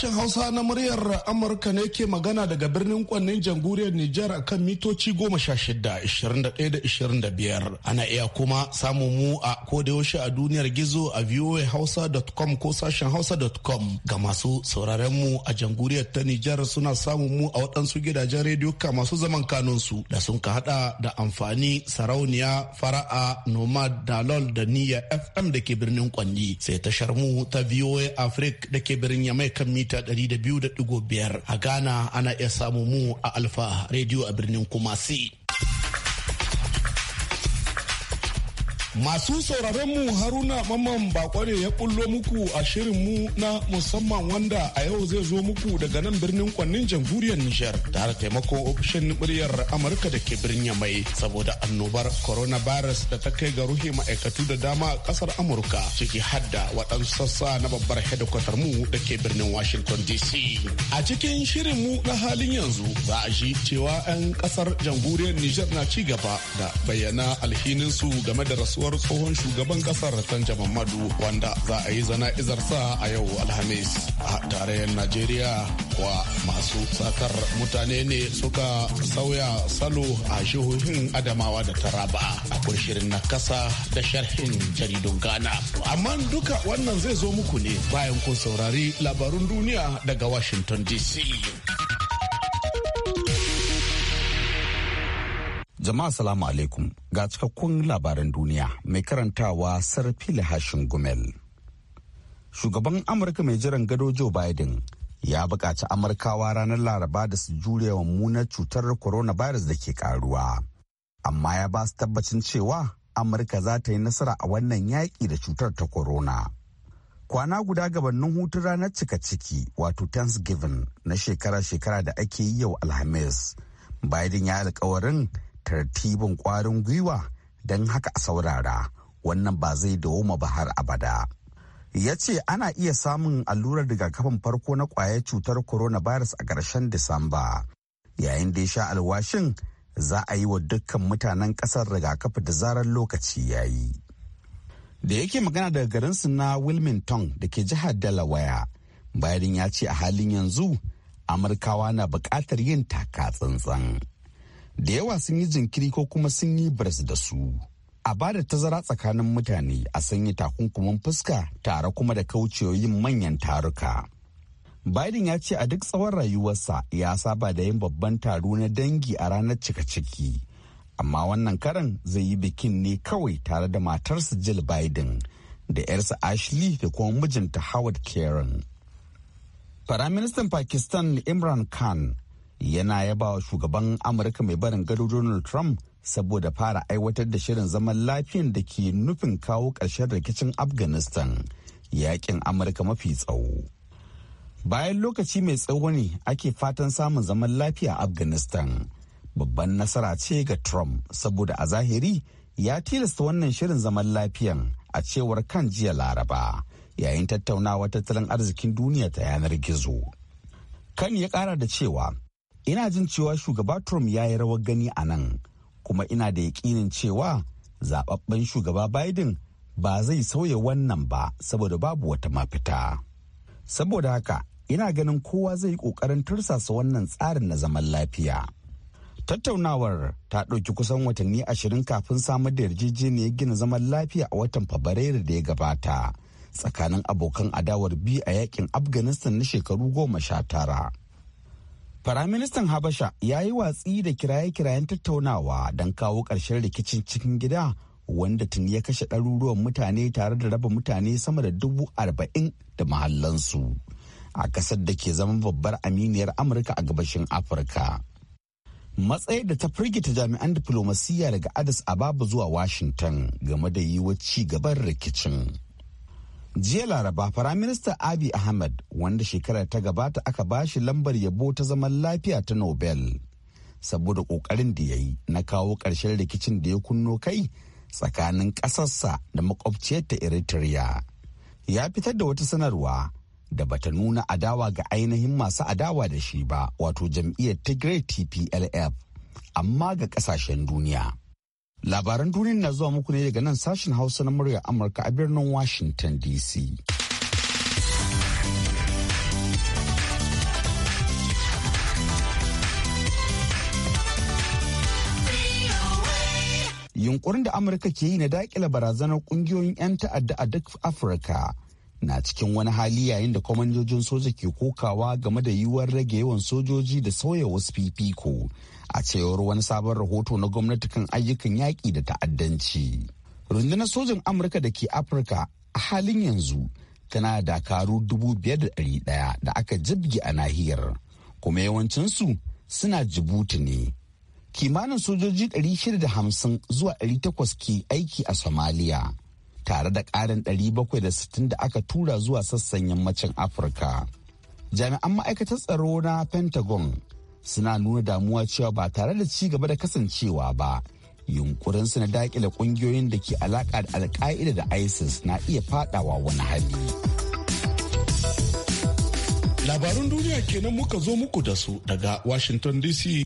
Sashen Hausa na muryar Amurka ne ke magana daga birnin kwannin jamhuriyar Nijar kan mitoci goma sha shida, ishirin da da ishirin da biyar. Ana iya kuma samu mu a kodayaushe a duniyar gizo a voahausa.com ko sashen hausa.com. Ga masu sauraren mu a jamhuriyar ta Nijar suna samun mu a waɗansu gidajen rediyo ka masu zaman kanunsu da sun ka haɗa da amfani sarauniya fara'a nomad dalol da niyya FM da ke birnin kwanni sai tashar mu ta VOA Africa da ke birnin Yamai kan mito. mita 200.5 a Ghana ana iya samu mu a Alfa Radio a birnin Kumasi. Masu sauraron mu Haruna Mamman Bako ne ya kullo muku a shirin mu na musamman wanda a yau zai zo muku daga nan birnin kwannin jamhuriyar Nijar tare taimako ofishin muryar Amurka da ke birnin mai saboda annobar coronavirus da ta kai ga ruhi ma'aikatu da dama a kasar Amurka ciki hadda waɗansu sassa na babbar hedikwatar mu da ke birnin Washington DC. A cikin shirin mu na halin yanzu za a ji cewa 'yan kasar jamhuriyar Nijar na ci gaba da bayyana alhinin su game da rasuwar gawar tsohon shugaban kasar Sanja Mamadu wanda za a yi sa a yau Alhamis. A tarayyar Najeriya kuwa masu satar mutane ne suka sauya salo a jihohin Adamawa da Taraba. a shirin na kasa da sharhin jaridun Ghana. Amma duka wannan zai zo muku ne bayan kun saurari labarun duniya daga Washington DC. Jama'a salamu alaikum ga cikakkun labaran duniya mai karantawa sarfili hashin gumel. Shugaban Amurka mai jiran gado Joe Biden ya bukaci Amurkawa ranar Laraba da su jure wa munar cutar coronavirus da ke karuwa. Amma ya ba su tabbacin cewa Amurka za ta yi nasara a wannan yaƙi da cutar ta corona. Kwana guda gabanin hutun ranar cika ciki wato Thanksgiving na shekara-shekara da ake yi yau Alhamis. Biden ya alkawarin tartibin kwarin gwiwa don haka a saurara wannan ba zai dawoma ba har abada. ya ce ana iya samun allurar rigakafin farko na kwayar cutar coronavirus a ƙarshen disamba yayin da ya sha alwashin za a yi wa dukkan mutanen ƙasar rigakafi da zarar lokaci ya yi da yake magana daga garinsu na wilmington da ke jihar delaware bayan ya ce a halin yanzu amurkawa na buƙatar yin taka tsantsan da yawa sun yi jinkiri ko kuma sun yi bars da su a ba da tazara tsakanin mutane a sanya takunkumin fuska tare kuma da kaucewoyin manyan taruka biden ya ce a duk tsawon rayuwarsa ya saba da yin babban taro na dangi a ranar cika ciki amma wannan karan zai yi bikin ne kawai tare da matarsa jill biden da 'yarsa ashley da kuma mijinta howard karen Firaministan Pakistan Imran Khan yana yaba wa shugaban amurka mai barin gado donald trump saboda fara aiwatar da shirin zaman lafiyan da ke nufin kawo ƙarshen rikicin afghanistan yakin amurka mafi tsawo bayan lokaci mai tsawo ne ake fatan samun zaman lafiya a afghanistan babban nasara ce ga trump saboda a zahiri ya tilasta wannan shirin zaman lafiyan a cewar kan jiya laraba yayin tattaunawa tattalin arzikin duniya ta yanar gizo kan ya kara da cewa ina jin cewa shugaba trump ya yi rawar gani a nan kuma ina da yakinin cewa zababben shugaba biden ba zai sauya wannan ba saboda babu wata mafita saboda haka ina ganin kowa zai yi kokarin tursasa wannan tsarin na zaman lafiya tattaunawar ta ɗauki kusan watanni ashirin kafin samar da yarjejeniyar gina zaman lafiya a watan fabrairu da ya gabata tsakanin abokan adawar biyu a yakin afghanistan na shekaru goma sha tara Firaministan Habasha ya yi watsi da kiraye-kirayen tattaunawa don kawo ƙarshen rikicin cikin gida wanda tun ya kashe ɗaruruwan mutane tare da raba mutane sama da dubu arba'in da mahallansu a ƙasar da ke zama babbar aminiyar Amurka a gabashin Afirka. Matsayar da ta firgita jami'an diflomasiyya daga Addis Ababa zuwa Washington game da yiwuwar ci gaban rikicin. jiya laraba firaminista abi ahmad wanda shekarar ta gabata aka bashi lambar yabo ta zaman lafiya ta nobel saboda kokarin da ya yi na kawo karshen rikicin da ya kunno kai tsakanin kasarsa da makwabciyarta eritrea ya fitar da wata sanarwa da bata nuna adawa ga ainihin masu adawa da shi ba wato jam'iyyar tigray tplf amma ga kasashen duniya Labaran duniya na zuwa muku ne daga nan sashen Hausa na murya Amurka a birnin Washington DC. Yunkurin da Amurka ke yi na daƙila barazanar ƙungiyoyin 'yan ta'adda a duk Afirka na cikin wani hali yayin da kwamandojin soja ke kokawa game da yiwuwar rage yawan sojoji da sauya wasu fifiko a cewar wani sabon rahoto na gwamnati kan ayyukan yaƙi da ta'addanci. Rundunar sojin Amurka da ke Afirka a halin yanzu tana dakaru dubu biyar da ɗari ɗaya da aka jibge a nahiyar kuma yawancinsu suna jibuti ne. Kimanin sojoji ɗari shida da hamsin zuwa ɗari takwas ke aiki a Somalia tare da ƙarin ɗari bakwai da sittin da aka tura zuwa sassan yammacin Afirka. Jami'an ma'aikatar tsaro na Pentagon suna nuna damuwa cewa ba tare da ci gaba da kasancewa ba yunkurin na dakile ƙungiyoyin da ke alaƙa da alka'ida da isis na iya fadawa wani hali labarun duniya kenan muka zo muku da su daga washington dc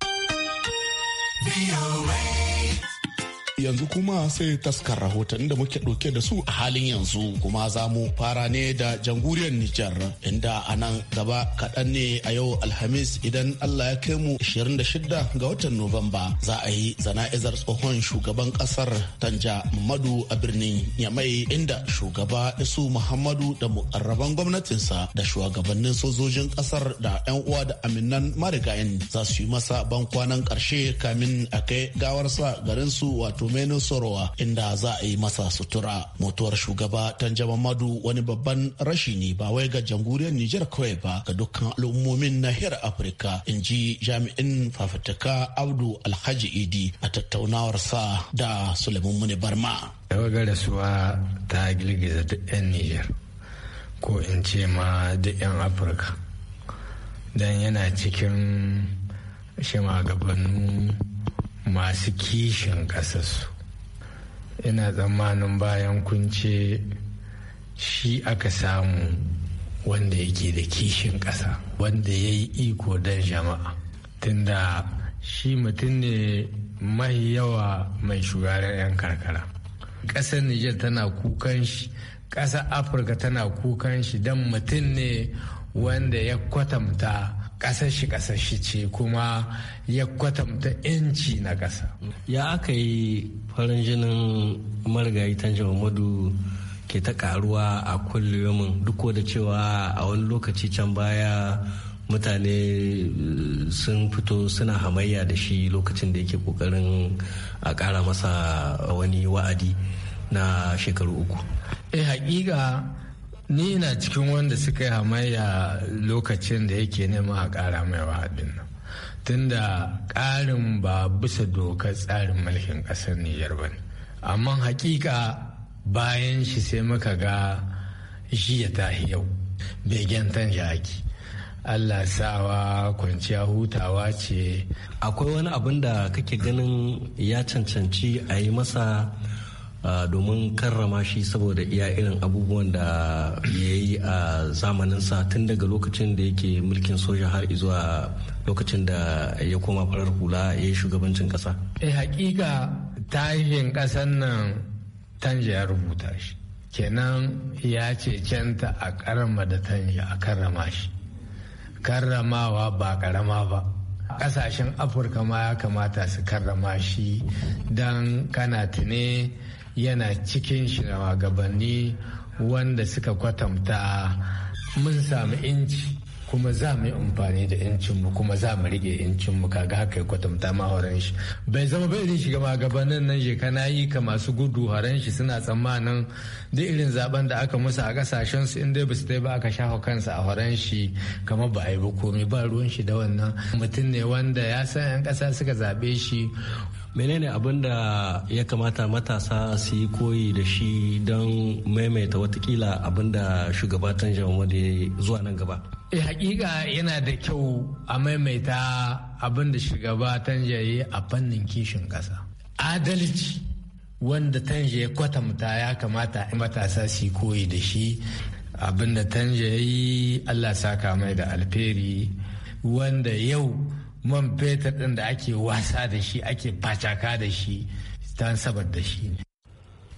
yanzu kuma sai taskar rahoton da muke ɗauke da su a halin yanzu kuma za mu fara ne da jamhuriyar Nijar inda a nan gaba kaɗan ne a yau Alhamis idan Allah ya kai mu 26 ga watan Nuwamba za a yi zana'izar tsohon shugaban ƙasar Tanja Muhammadu a birnin Yamai inda shugaba Isu Muhammadu da mukarraban gwamnatinsa da shugabannin sojojin ƙasar da 'yan uwa da aminan marigayen za su yi masa ban kwanan karshe kamin a kai gawarsa garinsu wato Tumenu Sorowa inda za a yi masa sutura. Mutuwar shugaba Tanjama Madu wani babban rashi ne ba wai ga jamhuriyar Nijar kawai ba ga dukkan al'ummomin nahiyar Afirka in ji jami'in fafutuka Abdu Alhaji Idi a tattaunawar sa da Suleiman Muni Barma. ga rasuwa ta girgiza duk 'yan Nijar ko in ce ma duk 'yan Afirka. Dan yana cikin shima gabanin masu kishin ƙasarsu ina tsammanin bayan kunce shi aka samu wanda yake da kishin ƙasa wanda ya yi iko don jama'a tunda shi mutum ne mai yawa mai shugaban 'yan karkara ƙasar niger tana kukan shi ƙasar afirka tana kukan shi don mutum ne wanda ya kwatanta Ƙasashe shi kasar shi ce kuma ya kwatanta 'yanci na ƙasa. ya aka yi farin jinin marigayi ta muhammadu ke ta karuwa a kullumin duk da cewa a wani lokaci can baya mutane eh, sun fito suna hamayya da shi lokacin da yake kokarin a kara masa wani wa'adi na shekaru uku. eh hakika ni ina cikin wanda suka yi hamayya lokacin da yake nema a ƙara mai wa'adin nan tunda ƙarin ba bisa dokar tsarin mulkin ƙasar niyar ba ne amma hakika bayan shi sai muka ga shi ya tahi yau begen tan yaki Allah sawa kwanciya hutawa ce akwai wani abin da kake ganin ya cancanci a yi masa Ah, domin karrama shi saboda iya irin abubuwan da ya yi a zamaninsa tun daga lokacin da yake mulkin soja har zuwa lokacin da ya koma farar hula ya yi shugabancin kasa. e eh, hakika tashin kasan nan tanja ya rubuta shi kenan ya ce cecenta a karama da tanja a karrama shi karramawa ba karama ba kasashen afirka ma ya kamata su karrama shi don kana tune yana cikin shugabanni wanda suka kwatamta mun samu inci kuma za mu yi amfani da incinmu kuma za mu rike yancinmu kaga haka ya kwatanta ma shi bai zama bai irin shiga magabanin nan shekana yi ka masu gudu horon shi suna tsammanin duk irin zaben da aka musu a kasashen su inda ba su dai ba aka shafa kansa a horon shi kamar ba a yi ba komai ba ruwan shi da wannan mutum ne wanda ya san yan kasa suka zabe shi menene abin da ya kamata matasa su yi koyi da shi don maimaita watakila abin da shugaba shugabatan jamhuri zuwa nan gaba e hakika yana da kyau a maimaita abin da shugabatan jaye a fannin kishin kasa. adalci wanda tanje ya kwatamta ya kamata matasa su koyi da shi abin da tanje ya yi allah saka mai da alferi wanda yau man fetur ɗin da ake wasa da shi ake bacaka da shi don saboda shi ne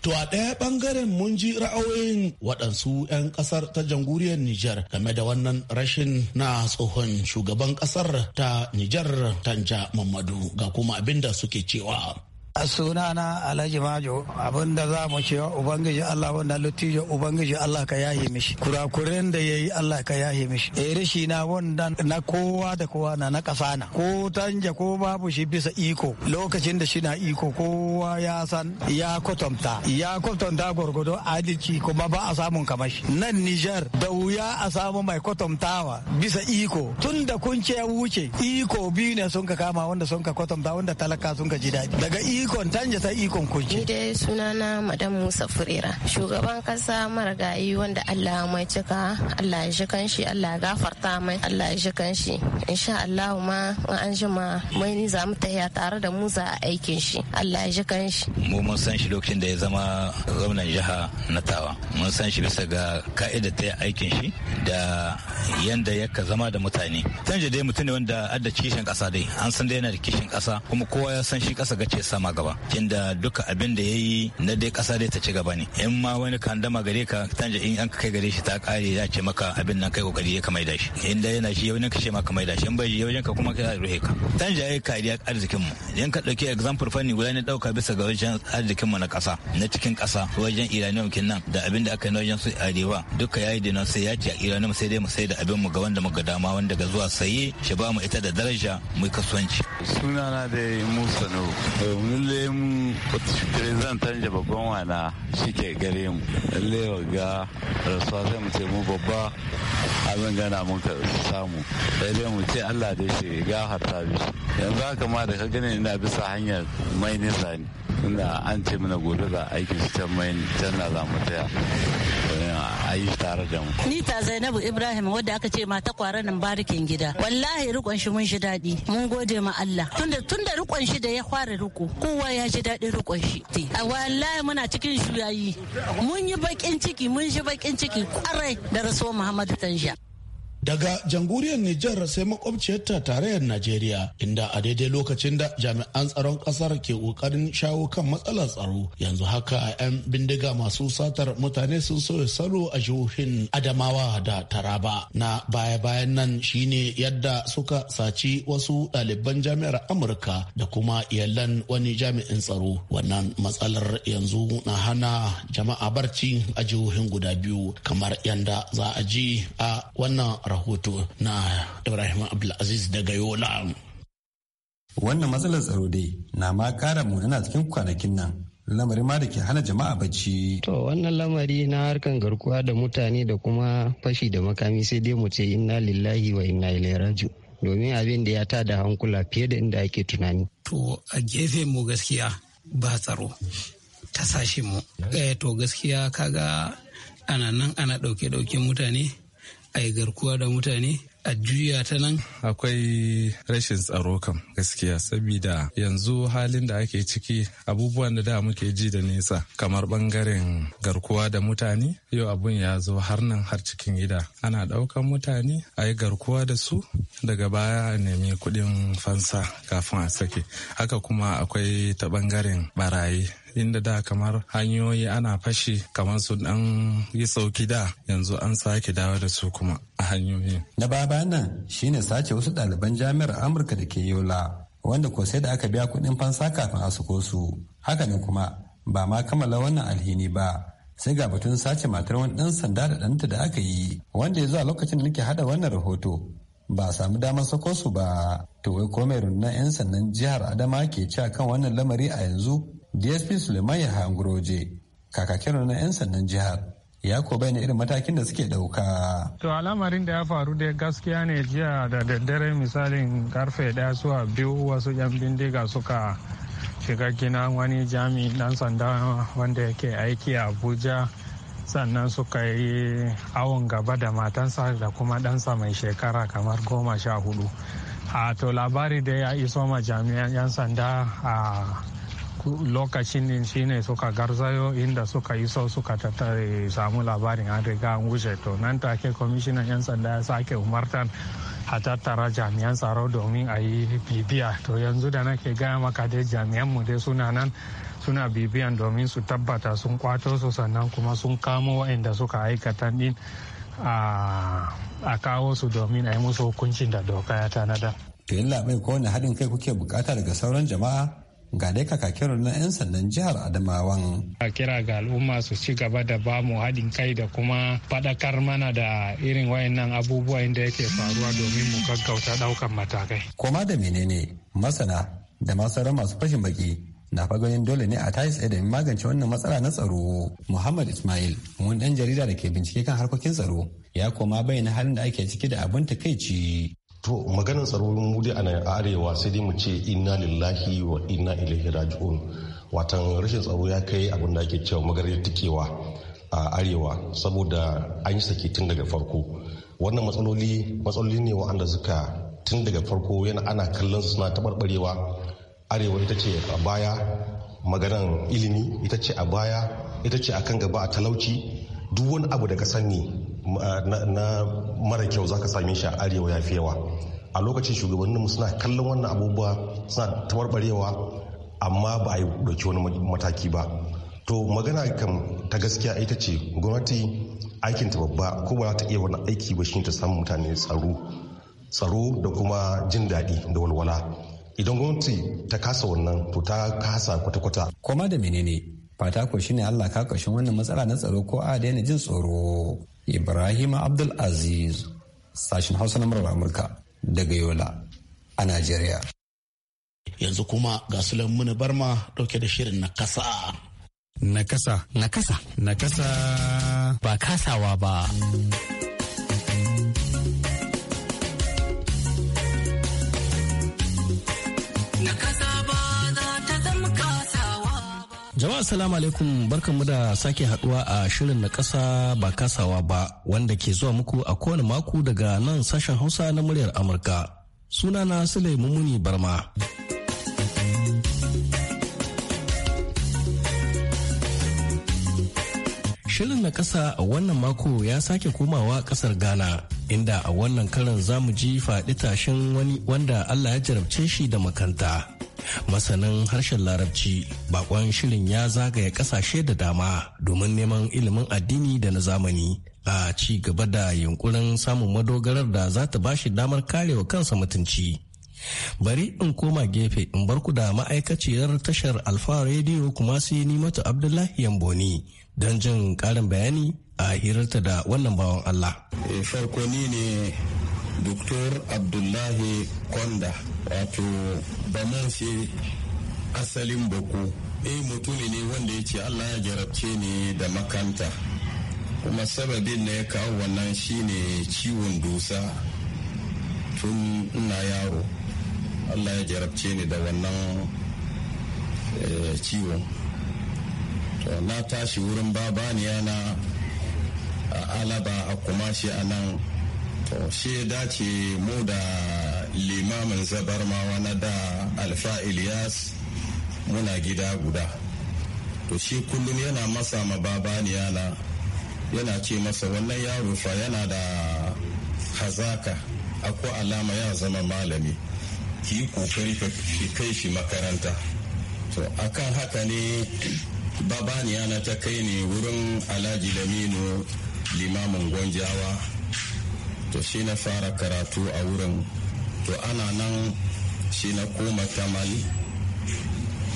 To a ɗaya ɓangaren mun ji ra'ayoyin waɗansu 'yan ƙasar ta jamhuriyar Nijar game da wannan rashin na tsohon shugaban ƙasar ta Nijar Tanja Mamadu ga kuma abin da suke cewa. A sunana alhaji majo abinda za mu cewa ubangiji allah wanda lutijo ubangiji allah ka yahi mishi kurakuren da yayi allah ka yahi mishi eh rashi na wanda na kowa da kowa na na kasa na ko tanja ko babu shi bisa iko lokacin da shi na iko kowa ya san ya kwatanta ya kwatanta gwargwado adalci kuma ba a samun kamashi nan nijar da wuya a samu mai kwatantawa bisa iko tun da kun ce wuce iko biyu ne sun ka kama wanda sun ka kwatanta wanda talaka sun ka ji daɗi daga iko ikon tanja ta ikon kunki. Ni dai sunana Madam Musa Furera, shugaban kasa marigayi wanda Allah mai cika, Allah ya shi kanshi, Allah ya gafarta mai, Allah ya shi kanshi. Insha Allah ma an jima mai ni za mu taya tare da mu za a aikin shi. Allah ya shi kanshi. Mu mun san shi lokacin da ya zama gwamnan jiha na Tawa. Mun san shi bisa ga ka'ida ta aikin shi da yanda ya ka zama da mutane. Tanja dai mutum ne wanda adda kishin kasa dai, an san dai yana da kishin kasa kuma kowa ya san shi kasa gace sama gaba tunda duka abin da yayi na dai kasa dai ta ci gaba ne in ma wani kan dama gare ka tanja in an kai gare shi ta kare ya ce maka abin nan kai kokari ya kamaida shi in dai yana shi yaunin ka ce maka mai shi in bai yaunin ka kuma kai ruhe ka tanja yayi kariya arzikin mu in ka dauki example fanni guda ne dauka bisa ga wajen arzikin mu na kasa na cikin kasa wajen iranium nan da abin da aka yi na wajen su arewa duka yayi da nan sai ya ce iranium sai dai mu sai da abin mu ga wanda muka dama wanda ga zuwa saye shi ba mu ita da daraja mu kasuwanci sunana da Musa Nuhu eh, lalle mu zan da babban wana shi ke gare mu lalle ga rasuwa sai mu ce mu babba abin gana mun ka samu lalle mu ce allah da shi harta bishi yanzu haka ma da ka gani ina bisa hanyar mai nisa ne tunda an ce mana gobe za a aiki su can mai can na za taya a yi tare da mu. Ni ta Zainabu Ibrahim wadda aka ce mata kwara nan barikin gida. Wallahi rikon shi mun shi daɗi. Mun gode ma Allah. Tunda tunda rikon shi da ya fara riko kowa ya ji daɗin rikon shi. A wallahi muna cikin shuyayi. Mun yi bakin ciki mun shi bakin ciki kwarai da rasuwar Muhammadu Tanja. daga jamhuriyar Nijar sai makwabciyarta tarayyar Najeriya inda a daidai lokacin da jami'an tsaron kasar ke kokarin shawo kan matsalar tsaro yanzu haka 'yan bindiga masu satar mutane sun soya salo a jihohin Adamawa da Taraba na baya-bayan nan shine yadda suka saci wasu ɗaliban jami'ar Amurka da kuma iyalan wani jami'in tsaro wannan matsalar yanzu na hana jama'a barci a jihohin guda biyu kamar yanda za a ji a wannan rahoto na Ibrahim Abdulaziz daga Yola. Wannan matsalar tsaro dai na ma kara munana cikin kwanakin nan lamari ma da ke hana jama'a bacci. To wannan lamari na harkan garkuwa da mutane da kuma fashi da makami sai dai mu ce inna lillahi wa inna ilaihi raju domin abin da ya ta da hankula fiye da inda ake tunani. To a gefe mu gaskiya ba tsaro ta sashe mu. Eh, to gaskiya kaga ana nan ana ɗauke-ɗauke mutane a yi garkuwa da mutane a juya ta nan? Akwai rashin tsaro kam gaskiya saboda yanzu halin da ake ciki abubuwan da da muke ji da nesa kamar bangaren garkuwa da mutane yau abun ya zo har nan har cikin gida ana daukan mutane a yi garkuwa da su daga baya a nemi kudin fansa kafin a sake haka kuma akwai ta bangaren barayi inda da kamar hanyoyi ana fashi kamar su dan yi sauki da yanzu an sake dawo da su kuma a hanyoyi. Na baba nan shine sace wasu ɗaliban jami'ar Amurka da ke Yola wanda ko sai da aka biya kuɗin fansa kafin a suko su. ne kuma ba ma kammala wannan alhini ba sai ga batun sace matar wani ɗan sanda da ɗanta da aka yi wanda ya zuwa lokacin da nake hada wannan rahoto ba a samu damar sako su ba to wai ko mai rundunar 'yan sannan jihar adama ke ci kan wannan lamari a yanzu dsp suleiman ya hangroje kakakin na 'yan sandan jihar ya ko bayyana irin matakin da suke dauka. To al'amarin da ya faru da gaskiya ne jiya da daddare misalin karfe daya zuwa biyu wasu yan bindiga suka shiga gina wani jami dan sanda wanda yake aiki a Abuja sannan suka yi awon gaba da matansa da kuma ɗansa mai shekara kamar goma sha hudu. A to labari da ya iso ma jami'an 'yan sanda a lokacin shi ne suka garzayo inda suka yi so suka tattare samu labarin an riga an wuce to nan take kwamishinan 'yan sanda ya sake umartan a tattara jami'an tsaro domin a yi bibiya to yanzu da nake gaya maka dai jami'an mu dai suna nan suna bibiyan domin su tabbata sun kwato su sannan kuma sun kamo waɗanda suka aikata din a kawo su domin a yi musu hukuncin da doka ya tanada. to yin ko wani haɗin kai kuke bukata daga sauran jama'a ga dai kakakin na 'yan sandan jihar adamawan a kira ga al'umma su ci gaba da ba mu haɗin kai da kuma faɗakar mana da irin wayannan abubuwa inda yake faruwa domin mu gaggauta ɗaukan matakai koma da menene masana da masarar masu fashin baki na faganin dole ne a tayi tsaye da magance wannan matsala na tsaro muhammad ismail wani ɗan jarida da ke bincike kan harkokin tsaro ya koma bayyana halin da ake ciki da abin takaici To maganin tsarorin mudi ana a arewa sai dai mu ce inna lillahi wa inna ilaihi raji'un. Watan rashin tsaro ya kai abin da ake cewa magarin tikewa a arewa saboda an yi saki tun daga farko. Wannan matsaloli matsaloli ne wa'anda suka tun daga farko yana ana kallon suna taɓarɓarewa. Arewa ita ce a baya maganan ilimi ita ce a baya ita ce kan gaba a talauci duk wani abu da ka sani na mara kyau za zaka same shi a arewa ya fi yawa a lokacin shugabannin mu suna kallon wannan abubuwa suna tabarbarewa amma ba a yi dauki wani mataki ba to magana kan ta gaskiya ita ce gwamnati aikin ta babba ko ba ta iya wani aiki ba shi ta samu mutane tsaro tsaro da kuma jin daɗi da walwala idan gwamnati ta kasa wannan to ta kasa kwata-kwata koma da menene fata ko shine Allah ka kashin wannan matsala na tsaro ko a daina jin tsoro Ibrahim Abdulaziz, sashen Hausa na murar Amurka daga Yola a Najeriya. Yanzu kuma ga muni Barma dauke da shirin na kasa. Na kasa. Na kasa. Na kasa. Ba kasawa ba. Jama'a salamu alaikum barkanmu da sake haduwa a shirin na kasa ba kasawa ba wanda ke zuwa muku a kowane mako daga nan sashen Hausa na muryar Amurka. Sunana Sule Mumuni Barma. Shirin na kasa a wannan mako ya sake komawa kasar Ghana inda a wannan karan zamu ji faɗi tashin wani wanda Allah ya jarabce shi da makanta. masanin harshen larabci bakon shirin ya zagaya kasashe da dama domin neman ilimin addini da na zamani a ci gaba da yunkurin samun madogarar da za ta bashi damar karewa kansa mutunci bari in koma gefe in barku da ma'aikaciyar tashar alfa rediyo kuma sai ni mata abdullahi yamboni don jin karin bayani a hirarta da wannan bawan allah eh, farko ni ne Dr. Abdullahi Konda wato bamanse asalin boko eh mutumi ne wanda ya ce Allah ya jarabce ni da makanta kuma sababin na ya kawo wannan shine ciwon dusa tun ina yaro Allah ya jarabce ni da wannan eh, ciwon to na tashi wurin babaniya na a alaba a kuma shi a nan shi ya dace mu da limamin zabarmawa na da alfa ilyas muna gida guda to shi kullum yana masa mababaniya na yana ce masa wannan yaro fa yana da hazaka akwai alama ya zama malami ki yi kokari ki kai shi makaranta to akan haka ne babaniya na ta kai ne wurin alhaji lamino limamin gwanjawa to shi na fara karatu a wurin to ana nan shi na koma tamal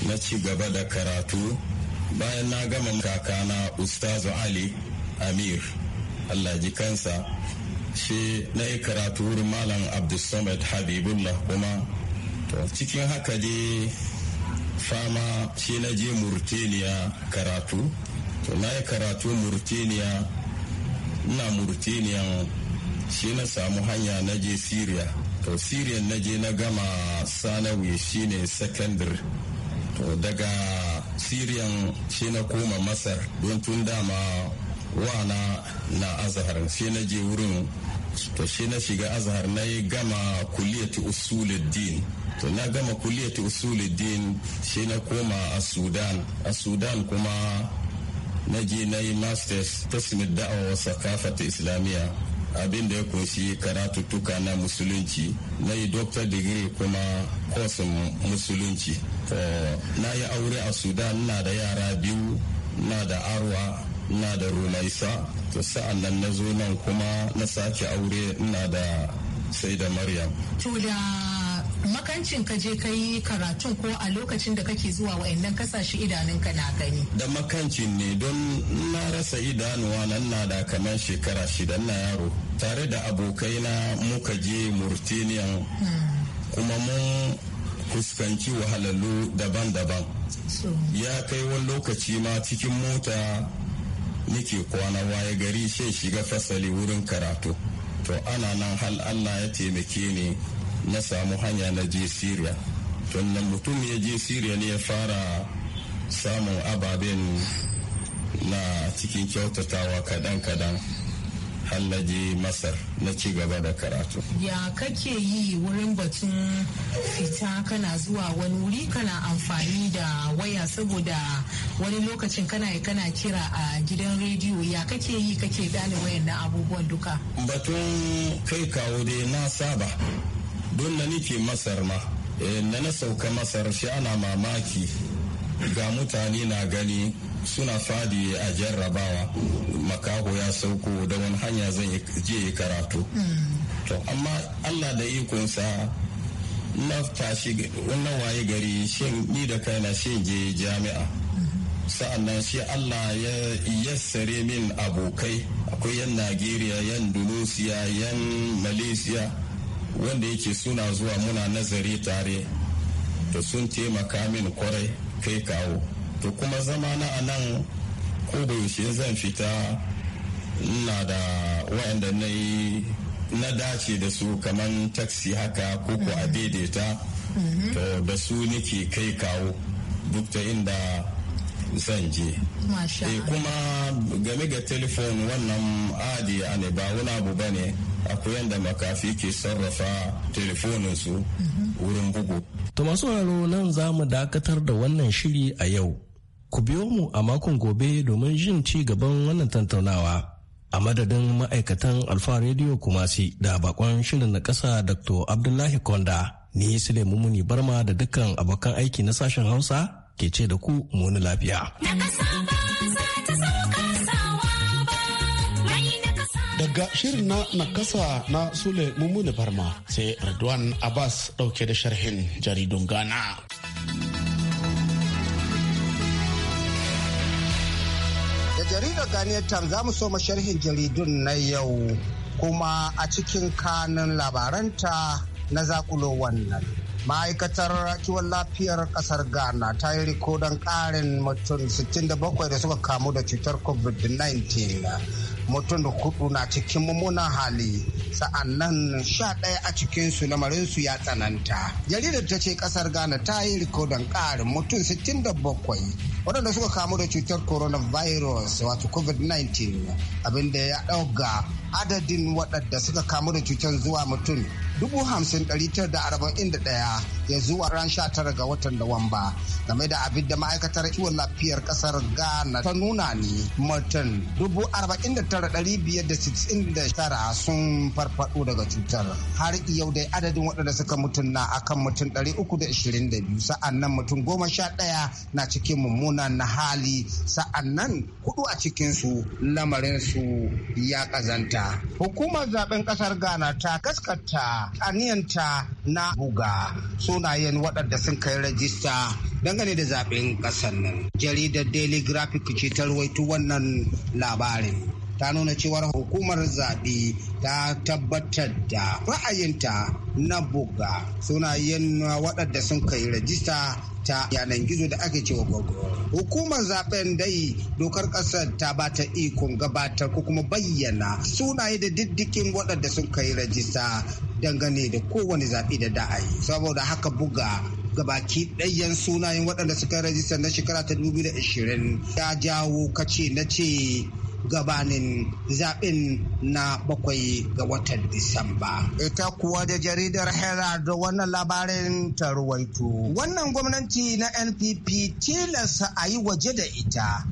na ci gaba da karatu bayan na gama kakana ustazu ali amir allah ji kansa shi na yi karatu wurin malam abdulsamad habibullah kuma cikin haka dai fama shi na je murtaniya karatu to na yi karatu murtaniya ina murtaniyan shi na samu hanya na je syria to syria na je na gama sanawi shine secondary to daga syrian shi na koma masar don tun dama wana na azhar shi na je wurin to shi na shiga azhar na yi gama kuliyatu usuluddin to na gama kuliyatu usuluddin shi na koma a sudan a sudan kuma na je na yi masters ta da'awa kafa ta islamiyya abin da ya kunshi karatuttuka na musulunci na yi doctor degree kuma kosin musulunci na yi aure a sudan na da yara biyu na da arwa na da rumaisa to sa'an nan na zo nan kuma na sake aure na da sai da maryam makancin ka je kai karatun ko a lokacin da kake zuwa wa'annan kasashe idanun ka na gani da makancin ne don na rasa idanuwa nan na da kamar shekara shida na yaro tare da abokaina muka je murtaniya hmm. kuma mun fuskanci wahalalu daban-daban ya kai wani lokaci ma cikin mota nake kwana waye gari sai shiga fasali wurin karatu to ana nan hal allah ya taimake ni na samu hanya na je syria tun mutum ya je syria ne ya fara samun ababen na cikin kyautatawa kadan-kadan har na masar na ci gaba da karatu ya kake yi wurin batun fita kana zuwa wani wuri kana amfani da waya saboda wani lokacin kana kana kira a gidan rediyo ya kake yi kake gane wayan na abubuwan duka batun kai kawo dai na saba don na nike masar ma eh, na na sauka masar shi ana mamaki ga mutane na gani suna fadi a jarrabawa makaho ya sauko da wani hanya zan je yi karatu to amma allah da ikonsa na tashi wannan waye gari shi ni da kaina shi je jami'a sa'annan shi allah ya yassare min abokai akwai yan nigeria yan dunusiya yan malaysia wanda yake suna zuwa muna nazari tare da sun taimaka min kwarai kai kawo to kuma zama na a nan ko yaushe zan fita ina da waɗanda na yi na dace da su kamar taxi haka ko ko a daidaita to da su nake kai kawo duk ta inda zan je eh, kuma game ga telefon wannan adi ne ba wani abu ba ne akwai yadda makafi ke sarrafa telefoninsu wurin bugu. To masu nan za mu dakatar da wannan shiri a yau. Ku biyo mu a makon gobe domin jin ci gaban wannan tantaunawa. A madadin ma'aikatan Alfa Radio Kumasi da bakon shirin na ƙasa Dr. Abdullahi Konda, ni Sule Mumuni Barma da dukkan abokan aiki na sashen Hausa ke ce da ku muni lafiya. Na ƙasa ba za ta sauka. daga shirin na nakasa na sule mummuni barma sai radwan abbas dauke da sharhin jaridun ghana da jaridar ghanaian times za mu so sharhin jaridun na yau kuma a cikin kanin labaranta na zakulo wannan ma'aikatar kiwon lafiyar kasar ghana ta yi rikodon karin mutum 67 da suka kamu da cutar covid-19 mutum da kudu na cikin mummunan hali sa'annan sha ɗaya a cikinsu lamarinsu ya tsananta jaridar ta ce ƙasar ghana ta yi rikodin ƙarin mutum 67 waɗanda suka kamu da cutar coronavirus wato covid-19 abinda ya ɗauga adadin waɗanda suka kamu da cutar zuwa mutum 50,941 ya zuwa ran 19 ga watan Nuwamba game da abin da ma'aikatar kiwon lafiyar kasar Ghana ta nuna ne mutum 49,569 sun farfado daga cutar har yau dai adadin waɗanda suka mutu na akan mutum 322 sa'an nan mutum 11 na cikin mummunan hali sa'an nan hudu a cikinsu lamarin su ya kazanta hukumar zaben kasar Ghana ta gaskata aniyanta na buga so sunayen waɗanda sun kai rajista dangane da zaɓen ƙasar nan jaridar daily graphic ce ta ruwaito wannan labarin ta nuna cewar hukumar zaɓe ta tabbatar da ra'ayinta na buga sunayen waɗanda sun kai rajista ta yanar gizo da ake cewa gwagwaro hukumar zaben dai dokar kasar ta ba ta ikon gabatar ko kuma bayyana sunaye da diddikin waɗanda sun kai rajista dangane da kowane zaɓe da da'ayi saboda haka buga gabaki ɗayan sunayen waɗanda suka rajista na shekara ta 2020 ya jawo kace na ce gabanin zaɓen na bakwai ga watan Disamba. Ita kuwa da jaridar Herald wannan labarin ta ruwaito. Wannan gwamnati na NPP tilasta a yi waje da ita.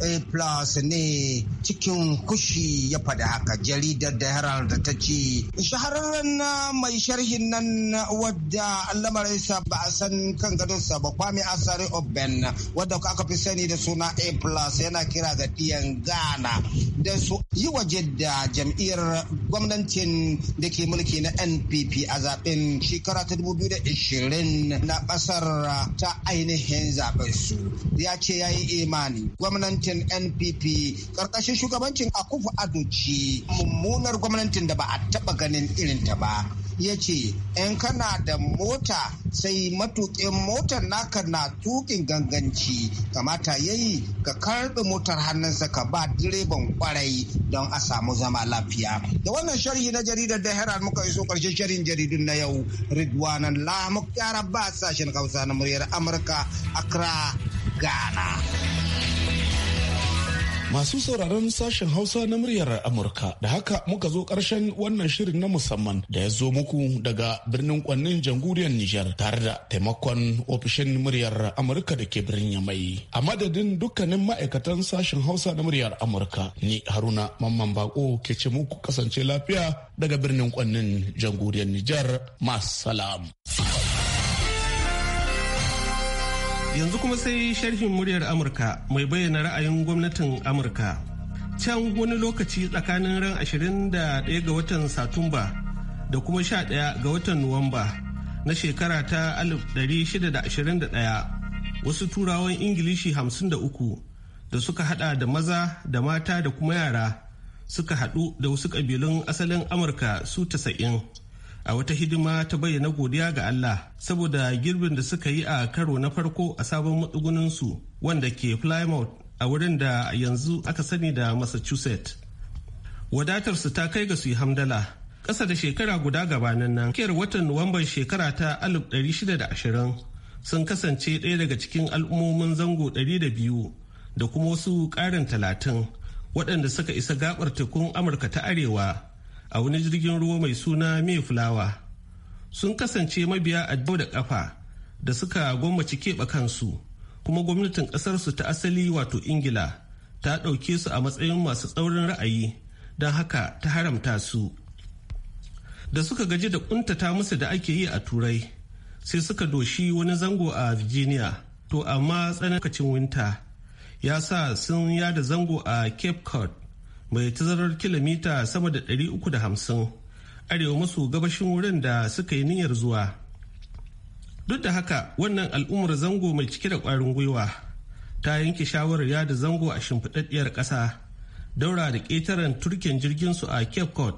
a plus ne cikin kushi ya faɗi haka jaridar da herald ta ce shahararren mai sharhin nan wadda lamarinsa ba a san kan gadonsa ba kwame asari oben wadda aka fi sani da suna a plus yana kira ga diyan ghana da su yi waje da jam'iyyar gwamnatin da ke mulki na npp a zaben shekara ta 2020 na ƙasar ta ainihin zaben su ya ce ya yi imani gwamnati gwamnatin NPP karkashin shugabancin Akufu Adoji mummunar gwamnatin da ba a taba ganin irin ta ba. ya ce in kana da mota sai matuƙin motar naka na tukin ganganci kamata ya yi ka karɓe motar hannunsa ka ba direban kwarai don a samu zama lafiya da wannan sharhi na jaridar da herald muka iso ƙarshen sharhin jaridun na yau ridwanan lamuk yara ba sashen hausa na muryar amurka accra ghana Masu sauraron sashen Hausa na muryar Amurka da haka muka zo ƙarshen wannan shirin na musamman da ya zo muku daga birnin kwannin jamhuriyar Nijar tare da taimakon ofishin muryar Amurka da ke birnin Yamai. A madadin dukkanin ma'aikatan sashen Hausa na muryar Amurka ni Haruna Mamman Bako ke ce muku kasance lafiya daga birnin kwannin jamhuriyar Nijar. Masalam. Yanzu kuma sai sharhin muryar Amurka mai bayyana ra'ayin gwamnatin Amurka. Can wani lokaci tsakanin ran 21 ga watan Satumba da kuma 11 ga watan Nuwamba na shekara ta 1621 wasu turawan Ingilishi 53 da suka hada da maza da mata da kuma yara suka hadu da wasu kabilun asalin Amurka su 90. a wata hidima ta bayyana godiya ga Allah saboda girbin da suka yi a karo na farko a sabon matsugunan su wanda ke Plymouth a wurin da yanzu aka sani da Massachusetts. Wadatarsu ta kai ga su yi hamdala. kasa da shekara guda gabanin nan, kiyar watan Nuwamban shekara ta 1620 sun kasance ɗaya daga cikin al'ummomin zango 200 da kuma wasu ƙarin talatin waɗanda suka isa gaɓar tekun Amurka ta Arewa a wani jirgin ruwa mai suna fulawa sun kasance mabiya a da kafa da suka gwammaci keɓe kansu kuma gwamnatin ƙasarsu ta asali wato ingila ta ɗauke su a matsayin masu tsaurin ra'ayi don haka ta haramta su da suka gaji da ƙuntata musu da ake yi a turai sai suka doshi wani zango a virginia to amma tsanakacin winta ya sa sun yada zango a cape cod mai tazarar kilomita sama da 350 arewa maso gabashin wurin da suka yi niyyar zuwa duk da haka wannan al'ummar zango mai cike da ƙwarin gwiwa ta yanke shawarar yada zango a shimfiɗaɗɗiyar ƙasa daura da ƙetaren turken jirgin su a cape cod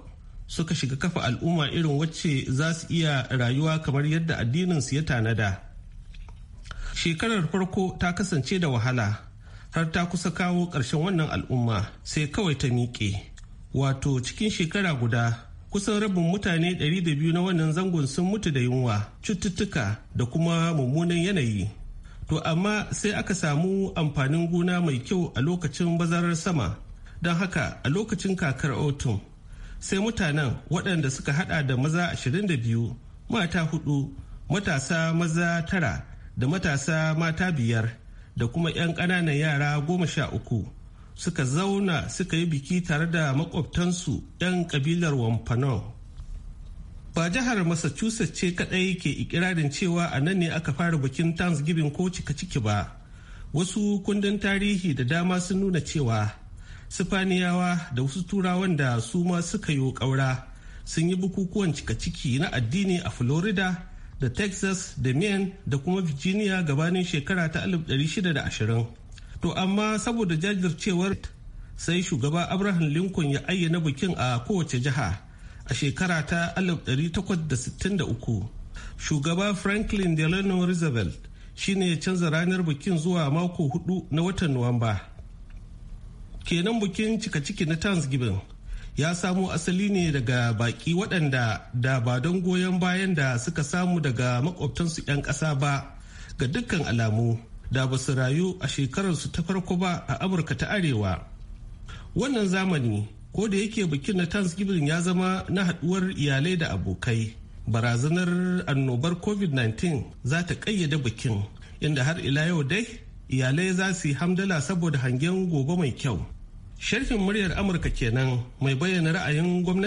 suka shiga kafa al'umma irin wacce za su iya rayuwa kamar yadda addinin su ya tanada shekarar farko ta kasance da wahala har ta kusa kawo ƙarshen wannan al'umma sai kawai ta miƙe wato cikin shekara guda kusan rabin mutane 200 na wannan zangon sun mutu da yunwa cututtuka da kuma mummunan yanayi to amma sai aka samu amfanin gona mai kyau a lokacin bazarar sama don haka a lokacin kakar otun sai mutanen waɗanda suka hada da maza 22 mata hudu matasa maza tara da matasa mata biyar da kuma 'yan ƙananan yara goma sha uku suka zauna suka yi biki tare da makwabtansu 'yan kabilar wampano ba jihar massachusetts ce kadai ke ikirarin cewa a nan ne aka fara bikin thanksgiving ko cika ciki ba wasu kundin tarihi da dama sun nuna cewa sifaniyawa da wasu turawan da su ma suka yi ƙaura sun yi bukukuwan cika ciki na addini a florida da texas da maine da kuma virginia gabanin shekara ta 1620 to amma saboda jajircewar sai shugaba abraham lincoln ya ayyana bikin a kowace jiha a shekara ta 1863 shugaba franklin delano roosevelt shine ya canza ranar bikin zuwa mako hudu na watan nuwamba kenan bikin cika ciki na thanksgiving ya samo asali ne daga baki waɗanda da ba don goyon bayan da suka samu daga makwabtansu 'yan ƙasa ba ga dukkan alamu da ba su rayu a shekararsu ta farko ba a amurka ta arewa wannan zamani ko da yake bikin na thanksgiving ya zama na haɗuwar iyalai da abokai barazanar annobar covid-19 za ta ƙayyade bikin inda har ila yau dai iyalai za su yi hamdala saboda hangen gobe mai kyau Sharhin muryar Amurka kenan mai bayyana ra'ayin gwamnati.